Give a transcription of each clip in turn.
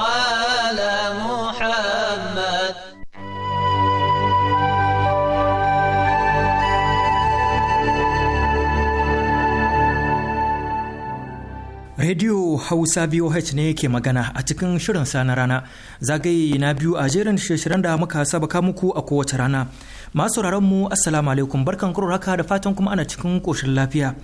على Radio Hausa boh ne ke magana a cikin shirin sana rana zagaye na biyu a jerin shirin da muka saba ka muku a kowace rana. Masu mu Assalamu alaikum barkan haka da fatan kuma ana cikin koshin lafiya.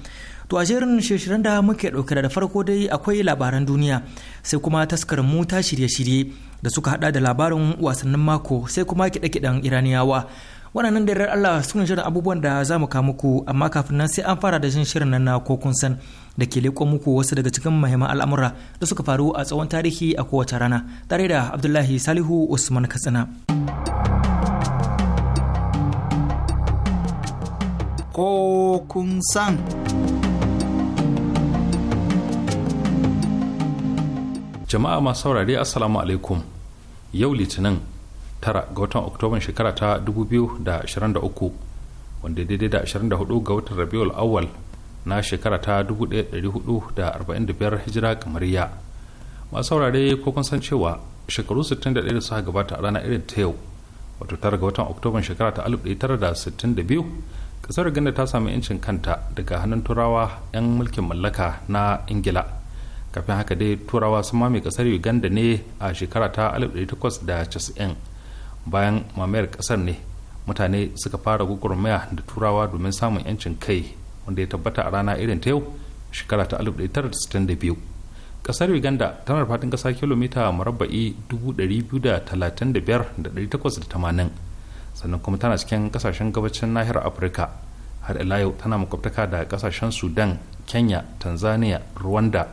To a jerin shirin da muke ɗauke da farko dai akwai labaran duniya sai kuma taskar mu ta shirye-shirye da suka hada da labarin wasannin mako sai kuma kiɗe-kiɗen Iraniyawa. waɗannan da yarar Allah su shirin abubuwan da za mu muku amma kafin nan sai an fara da jin shirin nan na ko kun san da ke leƙo muku wasu daga cikin mahimman al'amura da suka faru a tsawon tarihi a kowace rana tare da Abdullahi Salihu Usman Katsina. Ko kun san. Jama'a masu saurare Assalamu alaikum yau Litinin tara ga watan oktoban shekara ta 2023 wanda daidai da 24 ga watan rabiul awal na shekara ta 1445 hijira kamariya masu saurare ko kun san cewa shekaru 61 da suka gabata a ranar irin ta yau wato tara ga watan oktoban shekara ta 1962 kasar ganda ta sami 'yancin kanta daga hannun turawa 'yan mulkin mallaka na ingila kafin haka dai turawa sun mame kasar uganda ne a shekara ta 1890 bayan mamayar kasar ne mutane suka fara gugurmaya da turawa domin samun yancin kai wanda ya tabbata a rana irin ta yau shekara ta 1962 kasar uganda tana da faɗin ƙasa kilomita marabba'i 235,880 sannan kuma tana cikin kasashen gabacin nahiyar afirka har ila tana makwabtaka da kasashen sudan kenya tanzania rwanda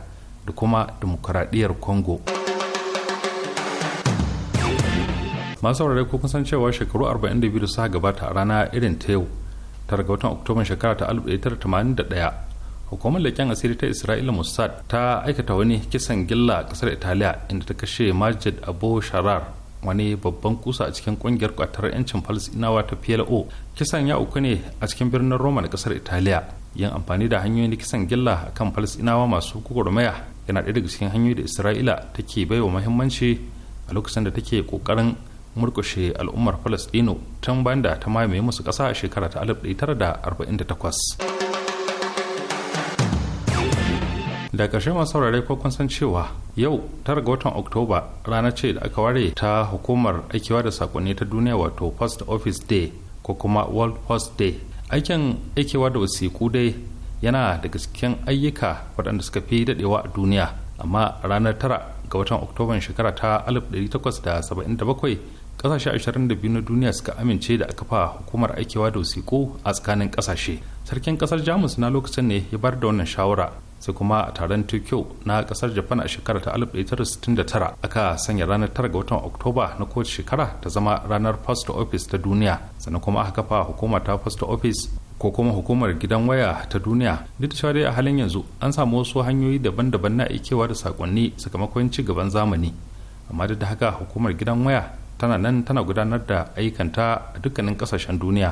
da kuma demokuraɗiyyar congo masu saurare ko kun san cewa shekaru 42 da suka gabata a rana irin ta yau tara ga watan oktoba shekara ta 1981 hukumar leƙen asiri ta isra'ila mossad ta aikata wani kisan gilla a kasar italiya inda ta kashe majid abu sharar wani babban kusa a cikin ƙungiyar kwatar 'yancin falasinawa ta plo kisan ya uku ne a cikin birnin roma na kasar italiya yin amfani da hanyoyin kisan gilla a kan falasinawa masu gwagwarmaya yana ɗaya daga cikin hanyoyi da isra'ila take baiwa muhimmanci a lokacin da take kokarin. murkushe al'ummar palestino tun banda ta mamaye musu kasa a shekara ta 1948 da ƙarshe masu saurare ko kun san cewa yau tara ga watan oktoba rana ce da aka ware ta hukumar aikewa da sakonni ta duniya wato post office day ko kuma world post day aikin aikewa da wasiku dai yana da cikin ayyuka waɗanda suka fi daɗewa a duniya amma ranar tara ga watan oktoban shekara ta 1877 kasashe 22 na duniya suka amince da aka fa hukumar aikewa da wasiƙo a tsakanin kasashe sarkin kasar jamus na lokacin ne ya bar da wannan shawara sai kuma a taron tokyo na kasar japan a shekara ta 1969 aka sanya ranar 9 ga watan oktoba na kowace shekara ta zama ranar post office ta duniya sannan kuma aka kafa hukumar ta post office ko kuma hukumar gidan waya ta duniya duk da cewa a halin yanzu an samu wasu hanyoyi daban-daban na aikewa da sakonni sakamakon ci gaban zamani amma duk da haka hukumar gidan waya tana nan tana gudanar da aikanta a dukkanin kasashen duniya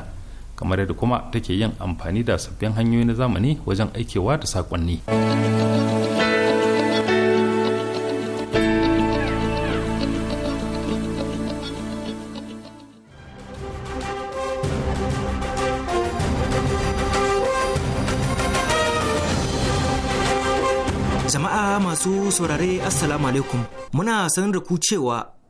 kamar yadda kuma take yin amfani da sabbin hanyoyi na zamani wajen aikewa da saƙonni. jama'a masu saurare assalamu alaikum muna sanar da ku cewa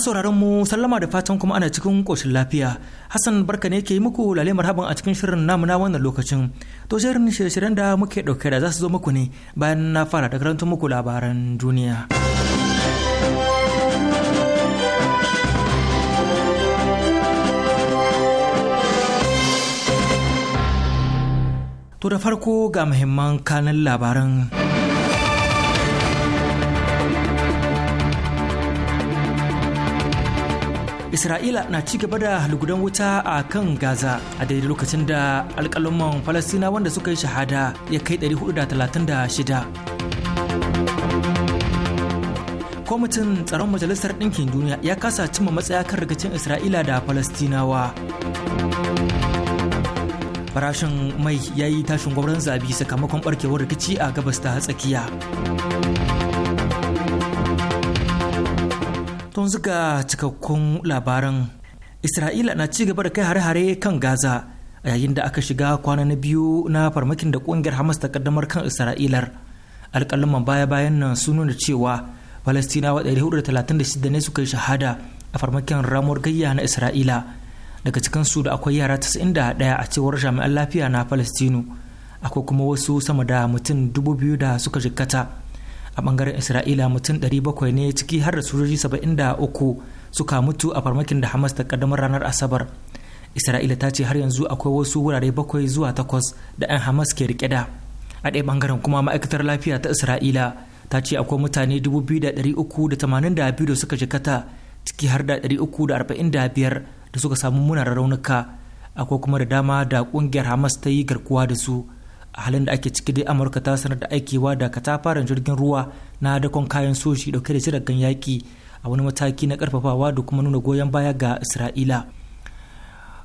sauraron mu sallama da fatan kuma ana cikin ƙoshin lafiya hassan barka ne ke yi muku lale marhaban a cikin shirin namu wannan lokacin to shirin shirye-shiryen da muke ɗauke da za su zo muku ne bayan na fara da karantun muku labaran duniya to da farko ga muhimman kanin labaran isra'ila na ci gaba da lugudan wuta a kan gaza a daidai lokacin da alƙalumman falasina wanda suka yi shahada ya kai 436 kwamitin tsaron majalisar ɗinkin duniya ya kasa cimma matsaya kan rikicin isra'ila da falastinawa farashin mai ya yi tashin gwamnan zabi sakamakon barkewar rikici a gabas ta tsakiya yanzu ga cikakkun labaran isra'ila na ci gaba da kai hare-hare kan gaza a yayin da aka shiga kwana na biyu na farmakin da kungiyar hamas ta kaddamar kan isra'ilar alƙalaman baya-bayan nan sun nuna cewa falastinawa 136 ne suka yi shahada a farmakin ramuwar gayya na isra'ila daga cikin su da akwai yara 91 a cewar jami'an lafiya na falastinu akwai kuma wasu sama da mutum 2000 da suka jikkata a bangaren isra'ila mutum 700 ne ciki har da sojoji 73 suka mutu a farmakin da hamas ta kaddamar ranar asabar isra'ila ta ce har yanzu akwai wasu wurare 7 zuwa takwas da 'yan hamas ke rike da a ɗaya bangaren kuma ma'aikatar lafiya ta isra'ila ta ce akwai mutane 2,382 da suka jikata ciki har da 345 da suka samu munar raunuka akwai kuma da dama da kungiyar hamas ta yi garkuwa da su a halin da ake ciki dai amurka ta sanar da aikewa da katafaren jirgin ruwa na dakon kayan soji dauke da jiragen yaƙi a wani mataki na karfafawa da kuma nuna goyon baya ga isra'ila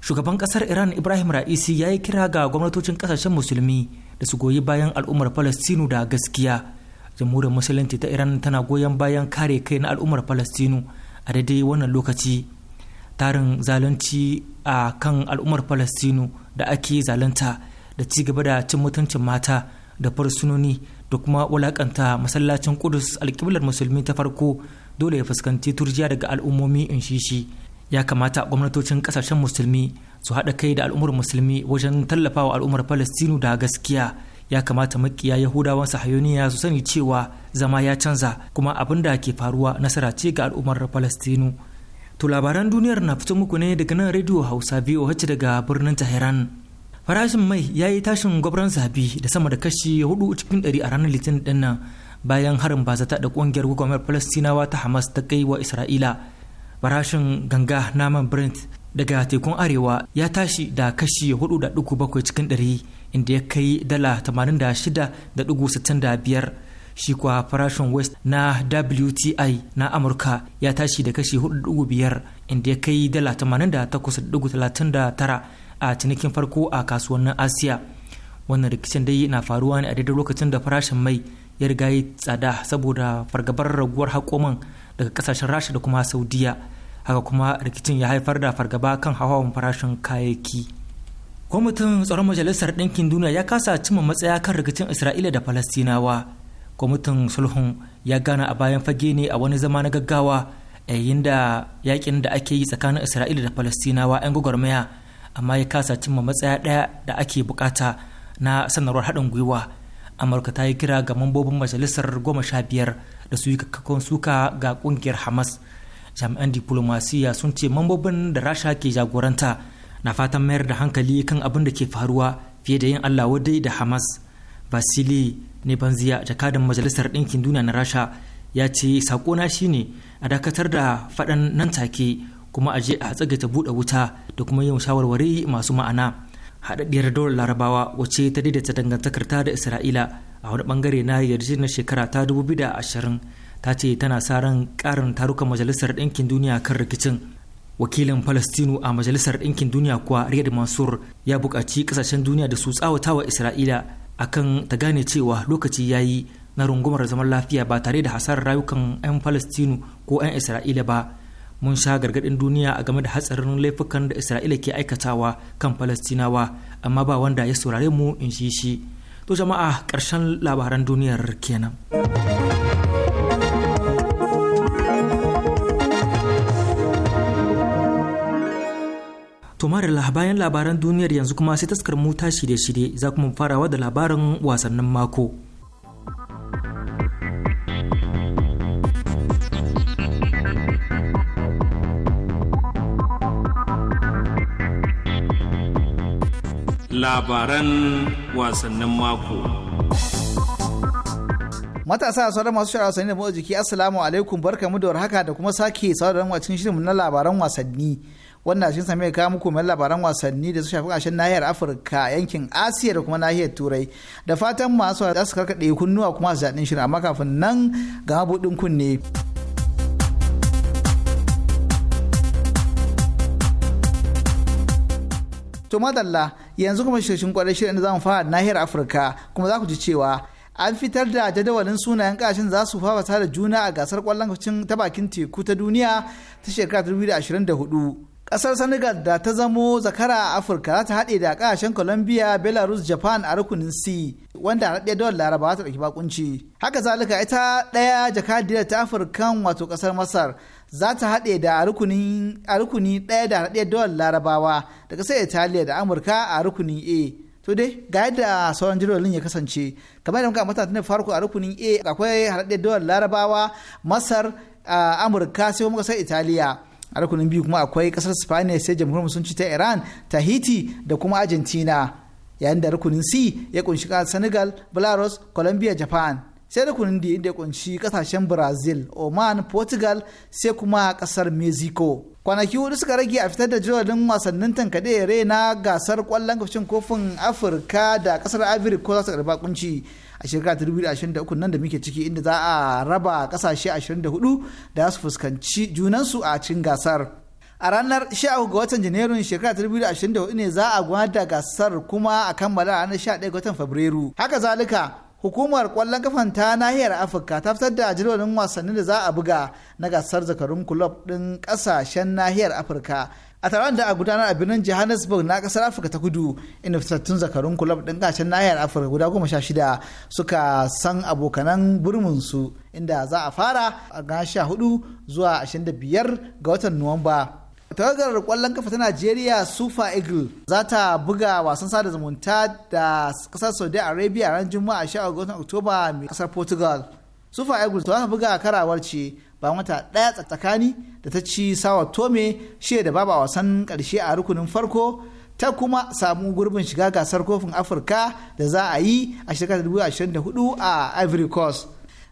shugaban kasar iran ibrahim ra'isi ya yi kira ga gwamnatocin kasashen musulmi da su goyi bayan al'ummar palestinu da gaskiya jamhuriyar musulunci ta iran tana goyon bayan kare kai na al'ummar palestinu a daidai wannan lokaci tarin zalunci a kan al'ummar palestinu da ake zalunta da ci gaba da cin mutuncin mata da fursunoni da kuma wulakanta masallacin kudus alkiblar musulmi ta farko dole ya fuskanci turjiya daga al'ummomi in shi shi ya kamata gwamnatocin kasashen musulmi su haɗa kai da al'ummar musulmi wajen tallafawa al'ummar palestinu da gaskiya ya kamata makiya yahudawan sahayoniya su sani cewa zama ya canza kuma abin da ke faruwa nasara ce ga al'ummar palestinu to labaran duniyar na fito muku ne daga nan radio hausa voh daga birnin tehran farashin mai ya yi tashin gwabran zabi da sama da kashi 4 cikin 100 a ranar litinin din nan bayan harin bazata da kungiyar gwamnatin palestinawa ta hamas ta kai wa isra'ila farashin ganga naman brent daga tekun arewa ya tashi da kashi 4.7 cikin 100 inda ya kai dala 86.65 shi kuwa farashin west na wti na amurka ya tashi da kashi 4.5 inda ya kai dala 88.39 a cinikin farko a kasuwannin asiya wannan rikicin dai na faruwa ne a daidai lokacin da farashin mai ya riga ya tsada saboda fargabar raguwar hakoman daga kasashen rasha da kuma saudiya haka kuma rikicin ya haifar da fargaba kan hawan farashin kayayyaki kwamitin tsaron majalisar ɗinkin duniya ya kasa cimma matsaya kan rikicin isra'ila da falastinawa kwamitin sulhun ya gana a bayan fage ne a wani zama na gaggawa yayin da yakin da ake yi tsakanin isra'ila da falastinawa 'yan gwagwarmaya amma ya kasa cimma matsaya ɗaya da ake bukata na sanarwar haɗin gwiwa amurka ta yi kira ga mambobin majalisar goma sha biyar da su yi kakkakon suka ga ƙungiyar hamas jami'an diplomasiya sun ce mambobin da rasha ke jagoranta na fatan mayar da hankali kan abin da ke faruwa fiye da yin allah wadai da hamas vasili jaka jakadan majalisar ɗinkin duniya na rasha ya ce sakona shine a dakatar da faɗan nan take kuma a je a tsagaita buɗe wuta da kuma yin shawarwari masu ma'ana haɗaɗɗiyar dole larabawa wacce ta daidaita dangantakarta da isra'ila a wani bangare na yarjejeniyar shekara ta dubu da ashirin ta ce tana sa ran ƙarin tarukan majalisar ɗinkin duniya kan rikicin wakilin palestinu a majalisar ɗinkin duniya kuwa riyad mansur ya buƙaci ƙasashen duniya da su tsawata wa isra'ila akan ta gane cewa lokaci ya yi na rungumar zaman lafiya ba tare da hasarar rayukan 'yan palestinu ko 'yan isra'ila ba mun sha gargaɗin duniya a game da hatsarin laifukan da isra'ila ke aikatawa kan falastinawa amma ba wanda ya saurare mu in shi shi to jama'a ƙarshen labaran duniyar kenan tomar bayan labaran duniyar yanzu kuma sai taskar mu ta shirye-shirye za kuma farawa da labarin wasannin mako. labaran wasannin mako. Matasa a sauran masu shara wasanni da motsa jiki Assalamu alaikum barkamu da warhaka da kuma sake sauran wacin shirin na labaran wasanni. Wannan shi same kawo muku mai labaran wasanni da su shafi shan nahiyar Afirka yankin Asiya da kuma nahiyar Turai. Da fatan masu za su karkaɗe kunnuwa kuma su daɗin shirin amma kafin nan ga mabuɗin kunne. To madalla yanzu kuma shirin kwarai shirin da zamu fara nahiyar Afirka kuma za ku ji cewa an fitar da jadawalin sunayen kashin za su fafata da juna a gasar kwallon kwacin ta bakin teku ta duniya ta shekara 2024. Kasar Senegal da ta zamo zakara a Afirka za ta haɗe da kasashen Colombia, Belarus, Japan a rukunin C wanda a ɗaya dawar Laraba ta ɗauki bakunci. Haka zalika ita ɗaya jakadiyar ta Afirkan wato kasar Masar za ta haɗe da a rukuni ɗaya da haɗe dawar larabawa da ƙasar italiya da amurka a rukuni a to dai ga yadda sauran jadawalin ya kasance kamar yadda muka mata tun farko a rukunin a akwai haɗe dawar larabawa masar amurka sai kuma ƙasar italiya a rukunin biyu kuma akwai ƙasar spaniya sai jamhuriyar musulunci ta iran tahiti da kuma argentina yayin da rukunin c ya kunshi senegal belarus colombia japan sai rukunin da inda ya kunshi kasashen brazil oman portugal sai kuma kasar mexico kwanaki hudu suka rage a fitar da jadawalin wasannin tankade na gasar kwallon kafin kofin afirka da kasar ivory ko za su karba kunci a shekara 2023 nan da muke ciki inda za a raba kasashe 24 da su fuskanci junansu a cikin gasar a ranar 13 ga watan janairun shekara 2024 ne za a gwada gasar kuma a kammala ranar 11 ga watan fabrairu haka zalika hukumar kwallon kafan ta nahiyar afirka ta fitar da jadawalin wasannin da za a buga na gasar zakarun kulob ɗin kasashen nahiyar afirka a taron da a gudanar a birnin johannesburg na kasar afirka ta kudu inda fitattun zakarun kulob ɗin ƙasashen nahiyar afirka guda goma sha shida suka san abokanan su inda za a fara a sha hudu zuwa ashirin da biyar ga watan nuwamba tawagar kwallon kafa ta najeriya super eagle za ta buga wasan sada zumunta da kasar saudi arabia ran juma'a 10 watan oktoba mai kasar portugal super eagle ta buga karawar ce ba wata ɗaya tsakani da ta ci sawa tome shi da babu wasan karshe a rukunin farko ta kuma samu gurbin shiga gasar kofin afirka da za a yi a shekarar 2024 a ivory coast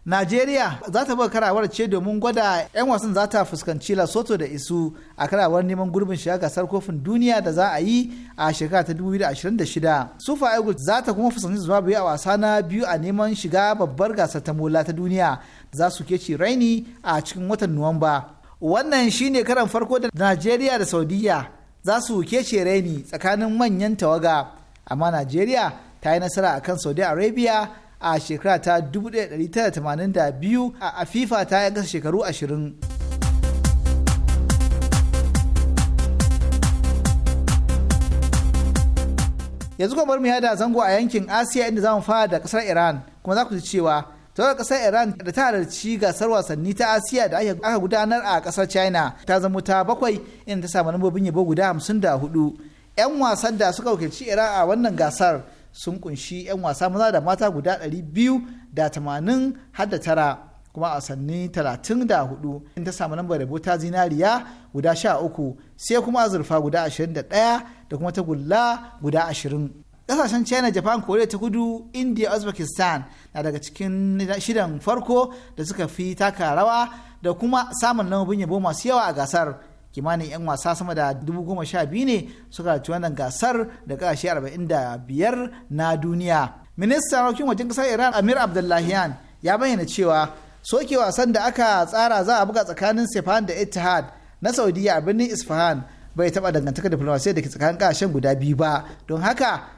Najeriya za ta buga karawar ce domin gwada 'yan wasan za ta fuskanci lasoto da Isu a karawar neman gurbin shiga gasar kofin duniya da za a yi a shekara ta 2026. Sufa Eagles za ta kuma fuskanci Zimbabwe a wasa na biyu a neman shiga babbar gasar ta mola ta duniya za su keci raini a cikin watan Nuwamba. Wannan shine karan farko da Najeriya da Saudiya za su kece raini tsakanin manyan tawaga amma Najeriya ta yi nasara akan Saudi Arabia a shekara ta 1982 a afifa ta yan gasa shekaru 20 yanzu kuma mu da zango a yankin asiya inda zamu fara da kasar iran kuma za ku ji cewa tawar kasar iran da ta halarci gasar wasanni ta asiya da aka gudanar a kasar china ta zama ta bakwai inda ta samu lambobin yabo guda 54 'yan wasan da suka wakilci iran a wannan gasar sun kunshi 'yan wasa maza da mata guda 289 har da tara kuma a sanni 34 in ta samu lambar rabo ta zinariya guda 13 sai kuma azurfa guda 21 da kuma tagulla guda 20 kasashen china japan korea ta kudu india uzbekistan na daga cikin shidan farko da suka fi taka rawa da kuma samun lambobin yabo masu yawa a gasar kimanin 'yan wasa sama da sha biyu ne suka ci wannan gasar da kasashe biyar na duniya. Ministan harkokin wajen kasar Iran Amir Abdullahian ya bayyana cewa soke wasan da aka tsara za a buga tsakanin Sefan da Etihad na Saudiya a birnin Isfahan bai taɓa dangantaka diflomasiyya da ke tsakanin kasashen guda biyu ba don haka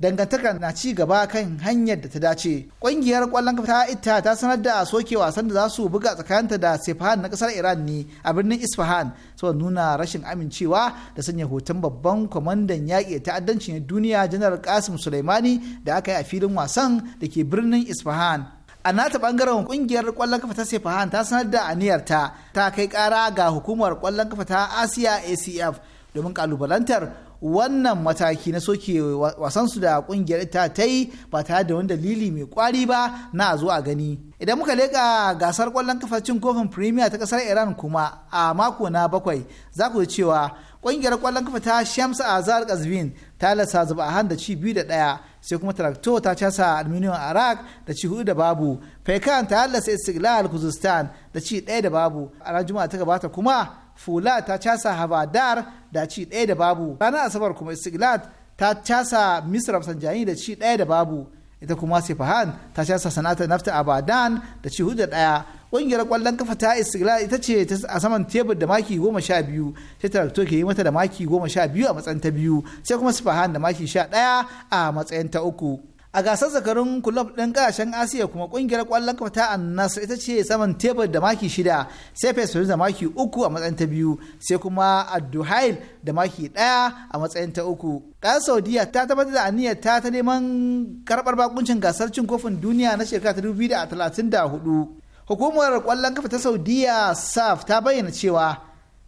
dangantaka na ci gaba kan hanyar da ta dace kungiyar kwallon kafa ta ita ta sanar da soke wasan da za su buga tsakaninta da sefahan na kasar iran ne a birnin isfahan saboda nuna rashin amincewa da sanya hoton babban kwamandan yaƙi ta'addanci na duniya janar kasim suleimani da aka yi a filin wasan da ke birnin isfahan a nata bangaren kungiyar kwallon kafa ta sefahan ta sanar da aniyarta ta kai kara ga hukumar kwallon kafa ta asiya acf domin kalubalantar wannan mataki na soke wasansu da kungiyar ta ta yi ba tare da wani dalili mai kwari ba na a zo a gani idan muka leƙa gasar kwallon kafa cin kofin premier ta kasar iran kuma a mako na bakwai za ku cewa kungiyar kwallon kafa ta shams azar kasvin ta lasa zuba a da ci biyu da ɗaya sai kuma tarakto ta casa aluminium arak da ci hudu da babu faikan ta lasa istiklal kuzistan da ci ɗaya da babu a ranar juma'a ta gabata kuma fula ta casa habadar da ci ɗaya da babu ranar asabar kuma istiglat ta casa misra sanjani da ci ɗaya da babu ita kuma sefahan ta casa sanata nafta abadan da ci hudu ɗaya ƙungiyar ƙwallon kafa ta istiglat ita ce a saman tebur da maki goma sha biyu sai tarakto ke yi mata da maki goma sha biyu a matsayin ta biyu sai kuma sefahan da maki sha ɗaya a matsayin ta uku a gasar zakarun kulob ɗin ƙasashen asiya kuma ƙungiyar ƙwallon kafa ta annas ita ce saman tebur da maki shida sai fesfes da maki uku a matsayin ta biyu sai kuma adduhail da maki ɗaya a matsayin ta uku ƙasar saudiya ta tabbatar da aniyar ta ta neman karɓar bakuncin gasar cin kofin duniya na shekara ta dubu da talatin da hudu hukumar ƙwallon kafa ta saudiya saf ta bayyana cewa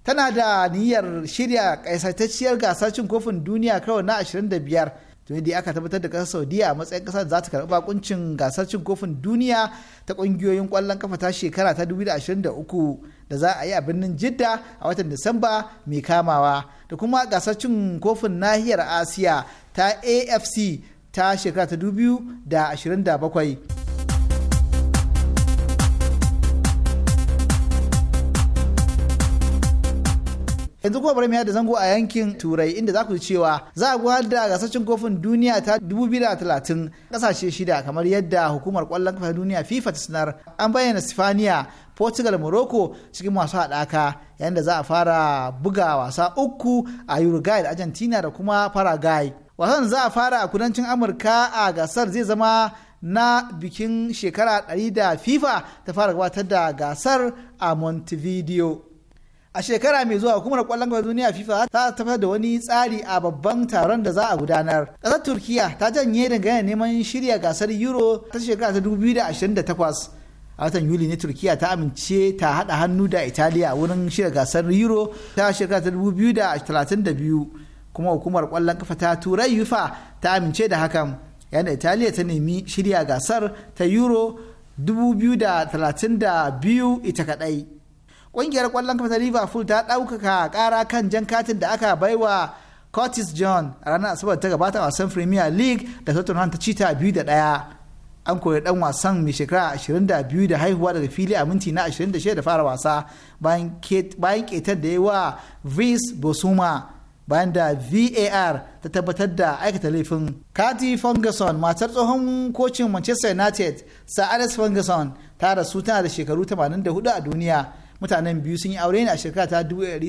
tana da niyyar shirya ƙaisaitacciyar gasar cin kofin duniya kawai na 25 tuni da aka tabbatar da kasar saudiya a matsayin kasar da za ta karɓi bakuncin gasar cin kofin duniya ta ƙungiyoyin ƙwallon kafa ta shekara ta 2023 da za a yi a birnin jidda a watan disamba mai kamawa da kuma gasar cin kofin nahiyar asiya ta afc ta shekara ta 2027 yanzu kuma bari mu yada zango a yankin turai inda za ku ji cewa za a gudanar da gasashen kofin duniya ta 2030 kasashe shida kamar yadda hukumar kwallon kafa duniya fifa ta sanar an bayyana sifaniya portugal morocco cikin masu haɗaka yayin da za a fara buga wasa uku a uruguay da argentina da kuma paraguay wasan za a fara a kudancin amurka a gasar zai zama na bikin shekara 100 da fifa ta fara gabatar da gasar a montevideo a shekara mai zuwa hukumar kwallon gaba duniya fifa ta tafar da wani tsari a babban taron da za a gudanar ƙasar turkiya ta janye dangane neman shirya gasar euro ta shekara ta 2028 a watan yuli ne turkiya ta amince ta hada hannu da italiya wurin shirya gasar euro ta shekara ta 2032 kuma hukumar kwallon kafa ta turai yufa ta amince da hakan yana italiya ta nemi shirya gasar ta euro 2032 ita kadai. kungiyar kwallon kafa ta liverpool ta ɗaukaka ƙara kan jan katin da aka baiwa curtis john a ranar asabar ta gabata wasan premier league da tottenham ta cita biyu da ɗaya an koyi dan wasan mai shekara 22 da haihuwa daga fili a minti na 26 da fara wasa bayan ketar da ya wa vis bosuma bayan da var ta tabbatar da aikata laifin kati ferguson matar tsohon kocin manchester united sir alex ferguson ta rasu tana da shekaru 84 a duniya mutanen biyu sun yi aure ne a shekara ta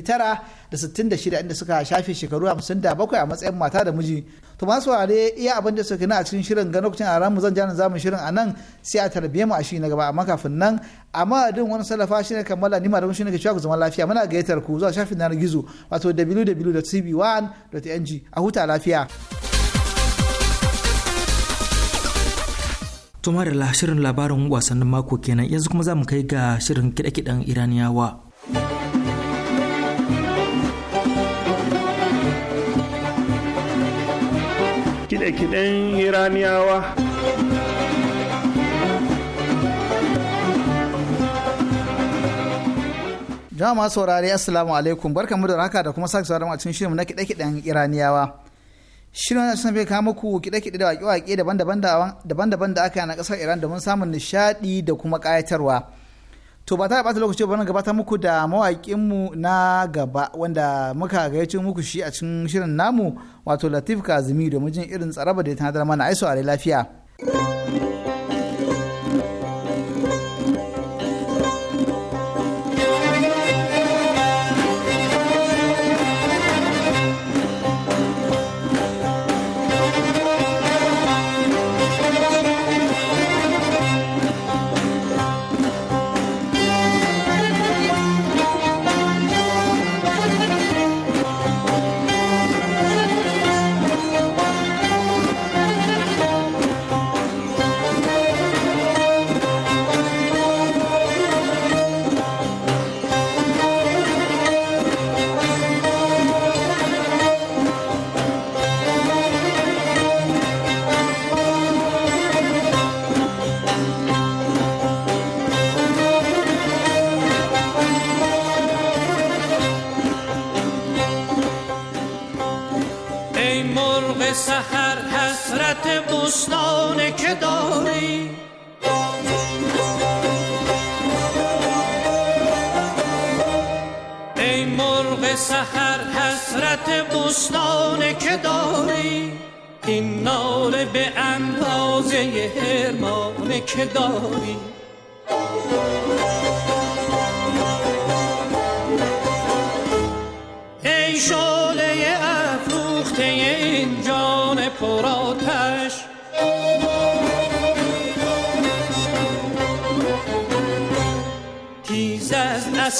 tara da shida inda suka shafe shekaru 57 a matsayin mata da miji to ma ware iya abin da suka na a cikin shirin ga lokacin a zan jana zamu shirin a nan sai a tarbiye mu a shi na gaba amma kafin nan amma din wani salafa shine kammala ni malamin shine ke cewa ku zama lafiya muna gayyatar ku zuwa shafin na gizo wato wwwtv 1ng a huta lafiya. To da shirin labarin wasannin mako kenan yanzu kuma za mu kai ga shirin kiɗe-kiɗen Iraniyawa. Kiɗe-kiɗen Iraniyawa. Jama'a saurari Assalamu alaikum barkamu da raka da kuma sake saurari a cikin shirin na kiɗe-kiɗen Iraniyawa. shirin wannan suna kawo muku kiɗe-kiɗe da waƙe-waƙe daban-daban da aka yi na ƙasar iran domin samun nishaɗi da kuma ƙayatarwa to ba ta ɓata lokaci ba gabata muku da mawaƙinmu na gaba wanda muka gayyace muku shi a cikin shirin namu wato latif kazumi domin jin irin tsaraba da ya tanadar mana aiso a lafiya.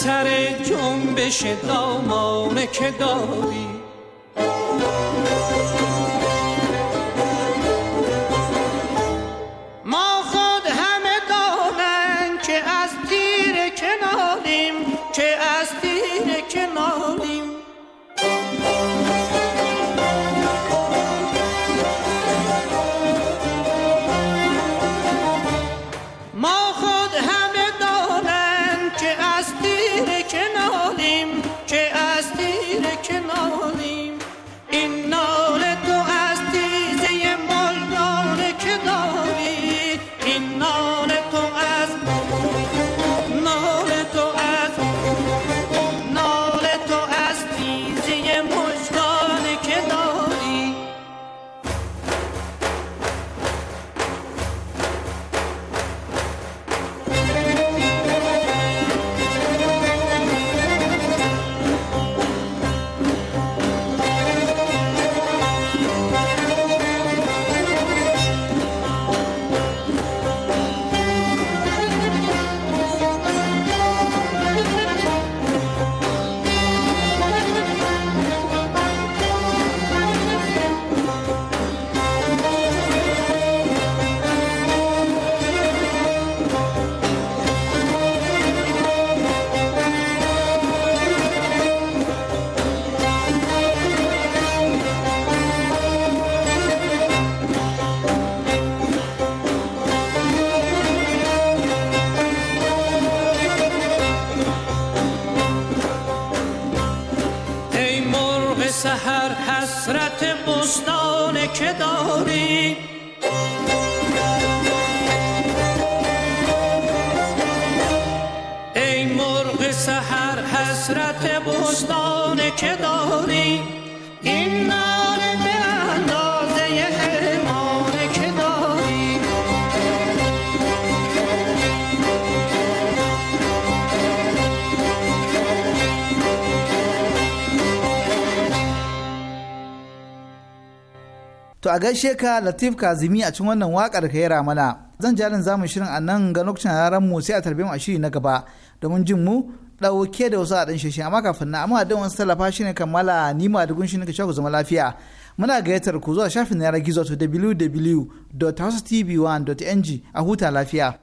سر جنبش دامانه که داری که داری ای مرغ سحر حسرت بستان که داری To a gaishe ka Latif Kazimi a cikin wannan wakar ka yara mana. Zan jarin zamu shirin a nan ga lokacin yaran mu sai a tarbe mu a shiri na gaba domin jin mu ɗauke da wasu a ɗan shashe amma kafin na amma don wasu tallafa shi ne kammala ni ma da gunshi ka ku zama lafiya. Muna gayyatar ku zuwa shafin yanar gizo to www.housetv1.ng a huta lafiya.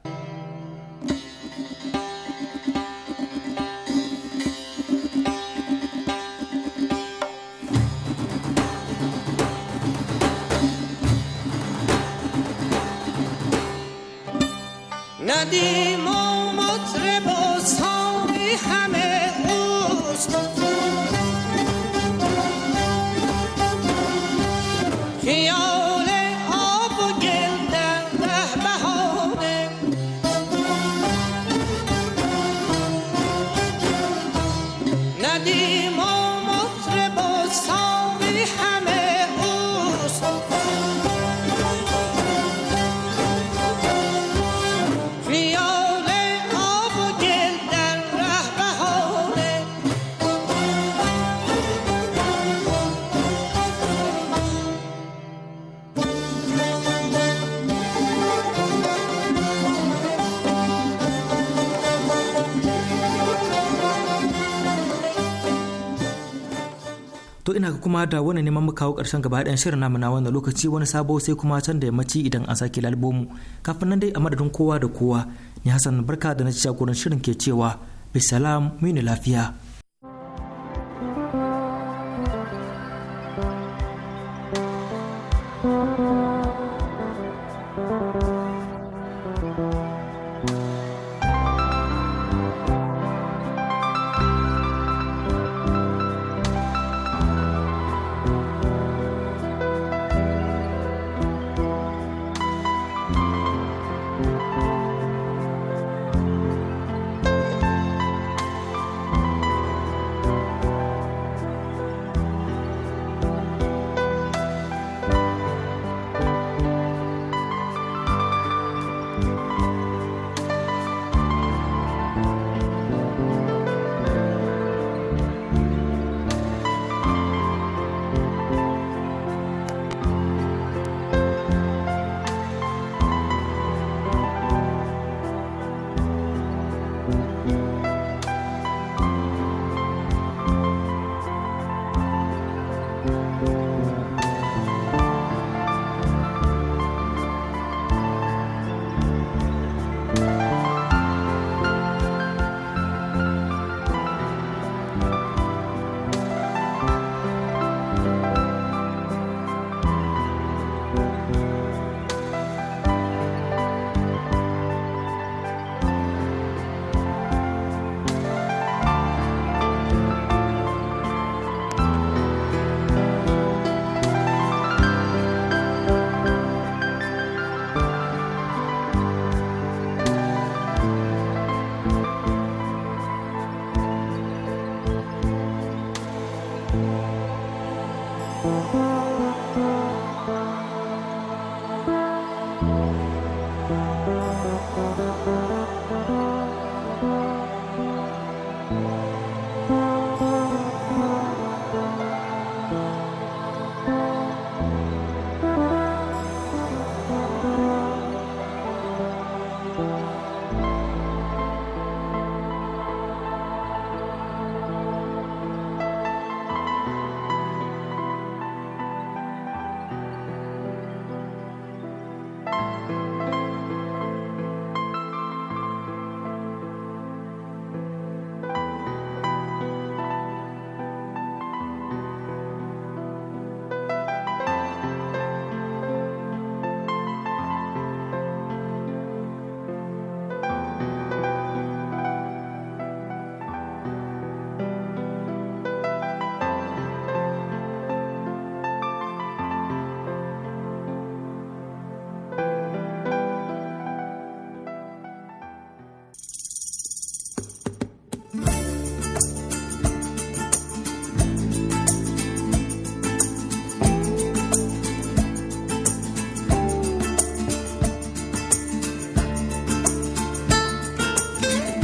kuma da wani neman mu kawo karshen gaba ɗayan shirin namu na wannan lokaci wani sabo sai kuma can da yammaci idan an sake lalbomu kafin nan dai a madadin kowa da kowa ni Hassan barka da na jagoran shirin ke cewa bisalam mini lafiya.